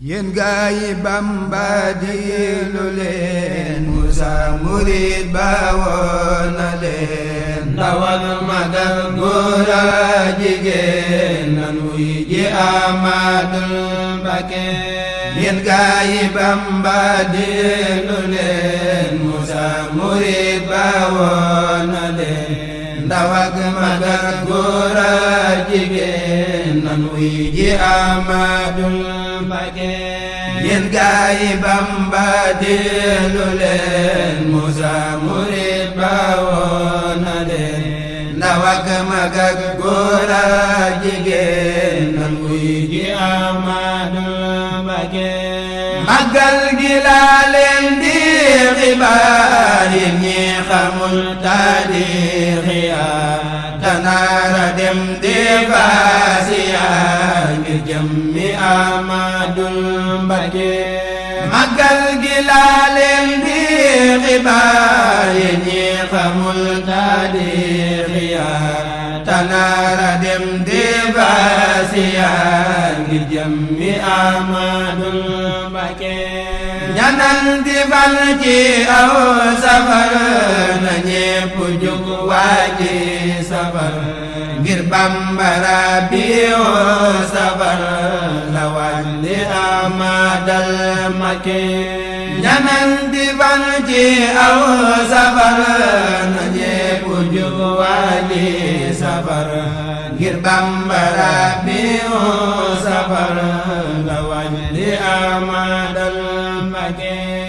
yéen gaa yi Bamba déglu leen Musa murid ba woon leen ndawal magal góor ak jigéen nanu yi ji Amadou Mbacké yéen leen Musa murid ba woon na leen ndawal yi ji Amadou Mbàkke yéen gaa yi Bamba dellu leen Musa murit ba woon na leen ndaw ak mag ak góor ak jigéen nanguy ji Amadu Mbàkke màggal gi laa leen di xibaar yi ñi xamul taarix ya tanaara dem di faasiya jëmmi Amadou Mbacké màggal gi laa leen di xibaar yi ñi xamul taarixiyaa tanaara dem di baasiyaa ngir jëmmi Amadou Mbacké ñaanal di bal ci aw safar na ñépp jug waaji ngir bambara biyo safar la wàlli amadal maki ñamen di fan ci aw safar na jeeku juwaali safar ngir bambara biyo safar la wàlli amadal maki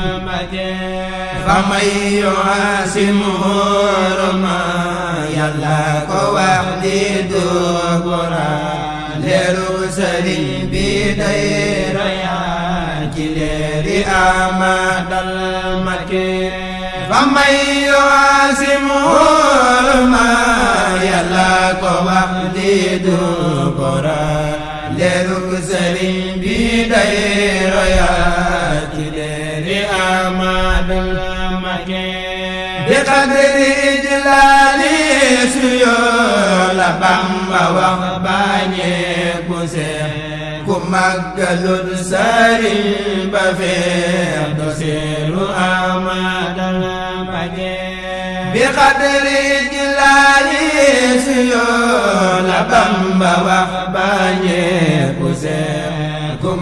فمن يعاصمه رما يلا ko wax di dugura leeru sëriñ bi day rayaa ci leeri amadal makke فمن يعاصمه رما yalla ko wax di dugura leeru sëriñ bi day rayaa Bamba wax bañee ku seet ku màggalul sëriñ ba feer do seeru amadal Mbakke bi xadri jilaali si yoo la Bamba wax bañee ku seet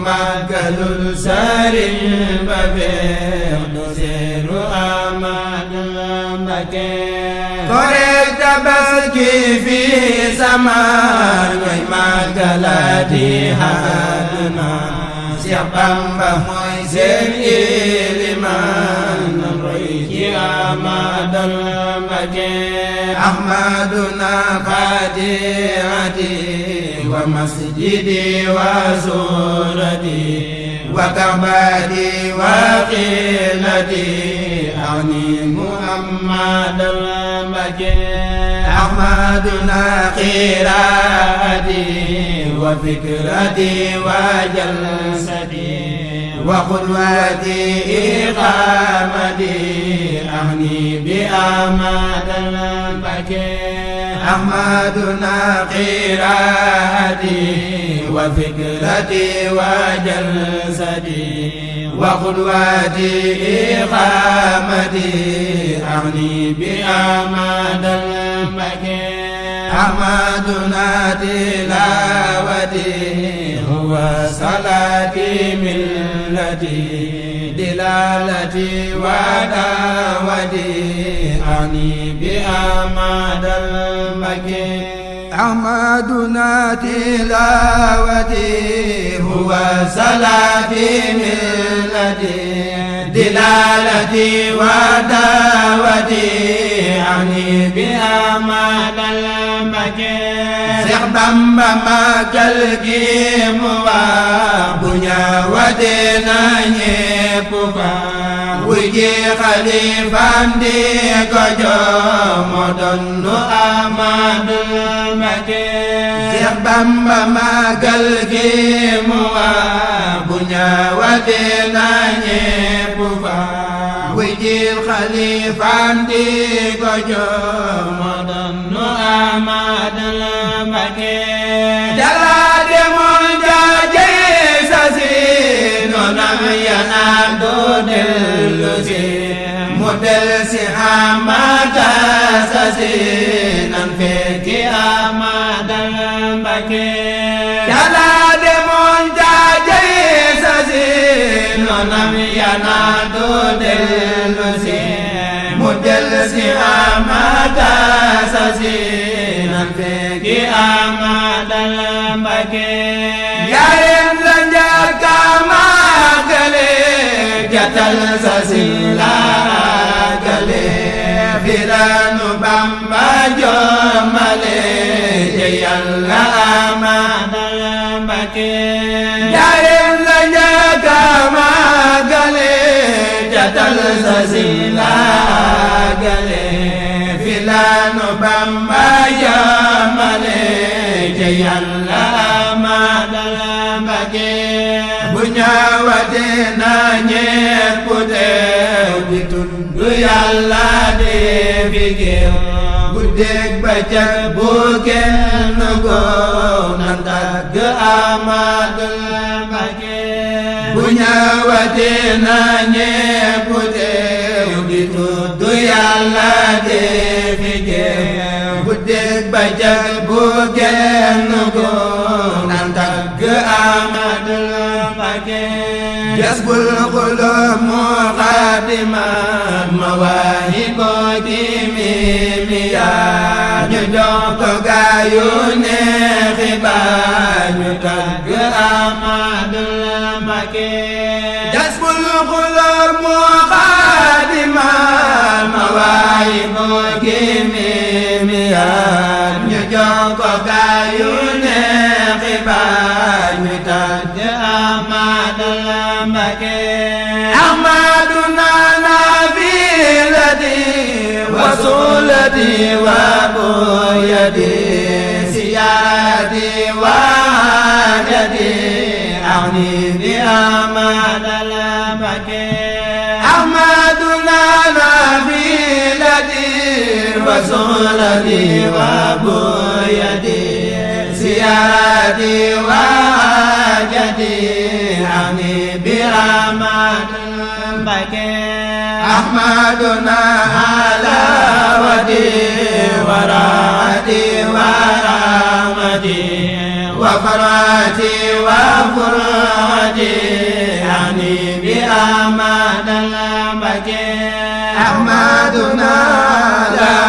màggalul sëriñ ba beex du seeru Amadu Mbàkke Korite Tabaski fi samaar ñooy màggalati àdduna Seex Bamba mooy seen ilimaan na roy ci Amadu Mbàkke Ahmaduna Faatihati ومسجدي وزورتي وكعبتي وقيلتي أغني محمد المجيد أحمدنا قراءتي وفكرتي وجلستي وقدوتي إقامتي أغني بأماد البكير أحمدنا قراءتي وفكرتي وجلستي وقدوتي إقامتي أغني بأمد المكين أحمدنا تلاوتي هو صلاتي ملتي جلالتي وداودي أني بأماد المكي أحمدنا تلاوتي هو صلاتي ملتي دلالتي وداودي أني بأماد المكي Bamba màggal gi mu waa bu ñaawatee na ñépp fa wuy ji xalifaam di ko jox mu donnu Amadou Mbacké Seex Bamba màggal gi mu waa bu ñaawatee na ñépp fa wuy ji xalifaam nu Ahmadul Mbakke jalaa demoon jaajëy sa si nu nam yanaat doo dellu si mu del si Ahmada sa si nan fekki Ahmadul Mbakke jalaa demoon jaajëy sa si nu nam yanaat doo dellu الذي أمات سزينا فيك أمات المكي يا يمزجك ما قليك تلسسلا قليك بلا نبم جمالي يلا أمات المكي يا يمزجك ما قليك تلسسلا nu Bamba jaamale ca Yàlla ma dala Mbàkke bu ñaawate na ñeer ku teew di tudd Yàlla de fi géew bu dégg ba ca bu kenn góor na tàgg Ahmadu Mbàkke bu ñaawate na ñeer jag bu genn góor naan tagg Ahmadul Mbakke jasbul xulub muqaddimat mawaahibu kimiyaat ñu jox ko gaayu ne xibaar ñu tagg Ahmadul Mbakke jasbul xulub muqaddimat mawaahibu kimiyaat jonko kaayu nee xibaar mi tàgg Ahmadul Mbakke Ahmadu nana bi ladi wasuladi wa buyadi siyadi wa jadi awni bi وسنتي وبنيتي زيارتي وحاجتي عني برحمة بكي أحمدنا على ودي وراتي ورحمتي وفراتي وفراتي يعني برحمة بكي أحمدنا على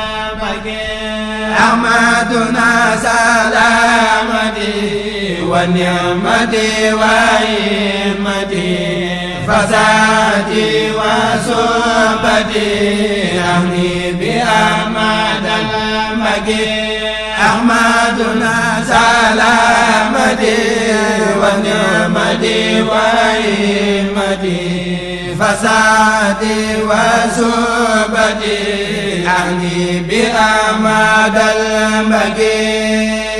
أحمدنا سلامتي ونعمتي وإمتي فزاتي وصحبتي أهلي بأحمد المجيد أحمدنا سلامتي ونعمتي وإيمتي فسادي وزهبتي أعني بأماد المجيد